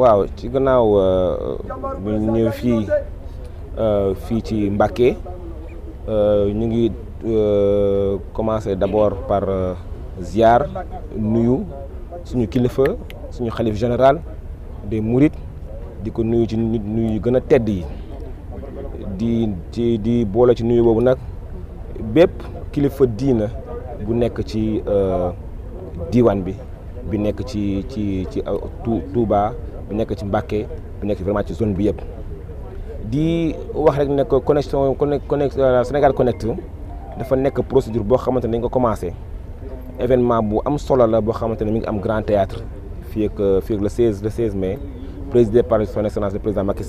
waaw ci gannaaw euh, ñu ñëw fii euh, fii ci Mbacké euh, ñu ngi commencé d'abord par ziar nuyu suñu kilifa suñu xalif général de mourides di ko nuyu ci nuyu yu gën a tedd yi di ci di boole ci nuyu boobu nag bépp kilifa diina bu nekk ci diwaan bi bi nekk ci ci ci Touba bu nekk ci Mbacké bi nekk vraiment ci zone bi yëpp di wax rek ne connexion connect euh, Sénégal Connect dafa nekk procédure boo xamante ne dañ ko commencé événement bu am solo la boo xamante ne mi ngi am grand théâtre fii ak euh, fii ak le 16 le 16 mai présidé par son excellence le président Macky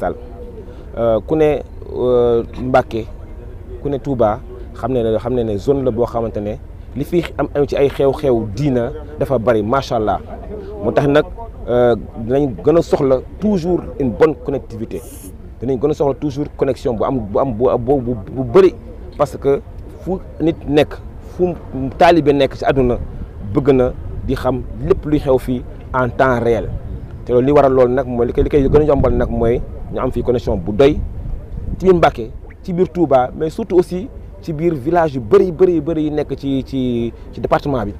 euh, ku ne Mbacké ku ne Touba xam ne xam ne ne zone la boo xamante ne li fi am am ci ay xew-xew diina dafa bari macha allah mu tax nag. Euh, dinañ gën a soxla toujours une bonne connectivité dinañ gën a soxla toujours connexion bu am bu am bu bu bëri parce que fu nit nekk fu taalibe nekk ci àdduna bëgg na di xam lépp luy xew fii en temps réel te loolu li waral loolu nag mooy li koy li koy gën a yombal nag mooy ñu am fi connexion bu doy ci biir ci biir Touba mais surtout aussi ci biir village yu bëri bëri bëri yi nekk ci ci ci département bi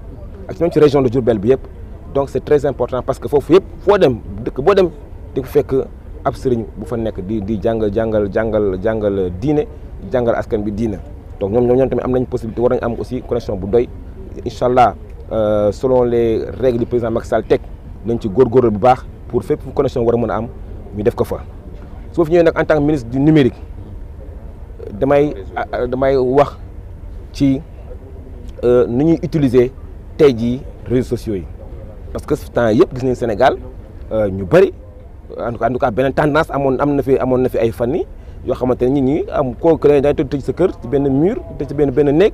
ak même ci région de Diourbel bi yëpp. donc c'est très important parce que foofu yëpp foo dem dëkk boo dem di ko fekk ab sëriñ bu fa nekk di di jàngal jàngal jàngal jàngal diine jàngal askan bi diine donc ñoom ñoom tamit am nañ possibilité war nañ am aussi connexion bu doy incha allah euh, selon les règles du président Macky Sall teg nañ ci góorgóorlu bu baax pour fépp fu war a mën a am ñu def ko fa. soo fi ñëwee nag en tant que ministre du numérique damay euh, damay wax ci euh, ni ñuy utiliser tey ji réseaux sociaux yi. parce que temps yëpp gis nañu Sénégal euh, ñu bëri en tout cas beneen tendance amoon am na fi amoon na fi ay fan yi yoo xamante ne nit ñi am koo créé daañu tëj sa kër ci benn mur tëj ci benn benn néeg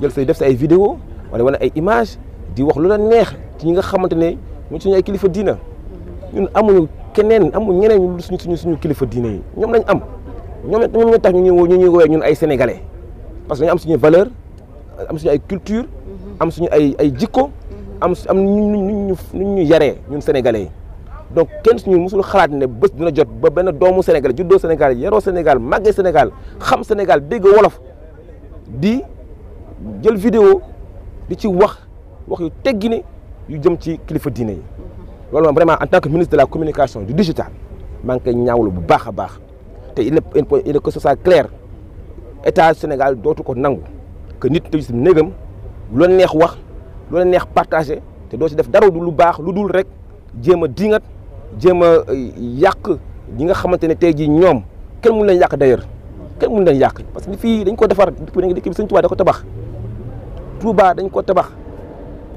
jël say def sa ay vidéo wala wala ay image di wax lu la neex ci ñi nga xamante ne ñun suñu ay kilifa diina ñun amuñu keneen amuñ ñeneen ñu suñu suñu suñu kilifa diina yi ñoom lañ am ñoom it ñoom ñoo tax ñu ñuy ñu ñuy woowee ñun ay sénégalais parce que dañu am suñu valeur am suñu ay culture am suñu ay ay jikko am am ñu ñu ñu yaree ñun sénégalais yi donc kenn suñu musul xalaat ne bés dina jot ba benn doomu Sénégal juddoo Sénégal yaroo Sénégal màggee Sénégal xam Sénégal dégg wolof di jël vidéo di ci wax wax yu teggini yu jëm ci kilifa diine yi loolu moom vraiment en tant que ministre de la communication du digital maa ngi koy ñaawlu bu baax a baax te il est il est que ce soit clair état Sénégal dootu ko nangu que nit te gis néegam lu neex wax. lu neex partagé te doo ci def dara du lu baax lu dul rek jéem a diingat jéem a euh, yàq ñi nga xamante ne tey jii ñoom kenn mun leen yàq d'ailleurs kenn mun leen yàq parce que fii dañ ko defar dëkk bi Sëñ ko tabax Tuubaa dañ ko tabax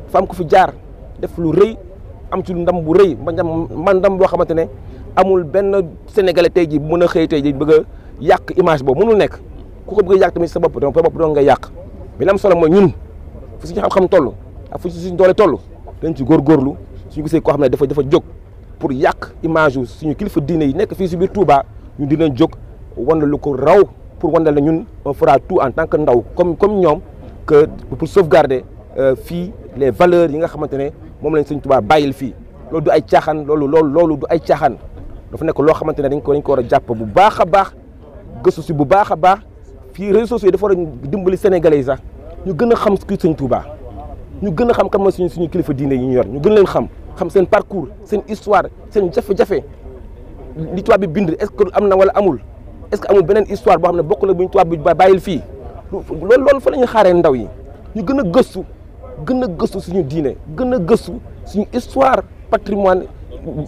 fa am ko fi jaar def lu rëy am ci lu ndam bu rëy ma man ndam boo xamante ne amul benn sénégalais tey jii bu mën a xëy tey jii bëgg yàq image boobu mënul nekk ku ko bëgg yàq tamit sa bopp donc sa bopp doon nga yàq bi am solo mooy ñun fu suñu xam-xam toll ak fu suñ doole toll dañ ci góorgóorlu suñu gisee koo xam ne dafa dafa jóg pour yàq image yu suñu kilifa diine yi nekk fii si biir Touba ñu dinañ jóg wan lu ko raw pour wan la ñun on fera tout en tant que ndaw comme comme ñoom que pour sauvegarder euh, fii les valeurs yi nga xamante ne moom lañ suñ Touba bàyyil fii loolu du ay caaxaan loolu loolu loolu du ay caaxaan dafa nekk loo xamante ne dañ ko dañ war a jàpp bu baax a baax gëstu si bu baax a baax fii réseaux sociaux yi dafa war a dimbali sénégal yi ñu gën a xam ki sëñ Touba ñu gën a xam kan mooy suñu suñu kilifa diine yi ñu yor ñu gën leen xam xam seen parcours seen histoire seen jafe-jafe li tubaab bi bind est que am na wala amul est que amul beneen histoire boo xam ne bokk na bu ñu tubaab bi bàyyil fii loolu loolu fa la xaaree ndaw yi ñu gën a gëstu gën a gëstu suñu diine gën a gëstu suñu histoire patrimoine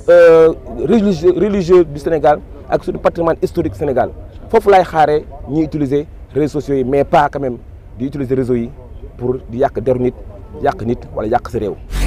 euh, religieux religieux du Sénégal ak suñu patrimoine historique Sénégal foofu laay xaaree ñuy utiliser réseaux sociaux yi mais pas quand même di utiliser réseaux yi pour di yàq deru nit yàq nit wala yàq sa réew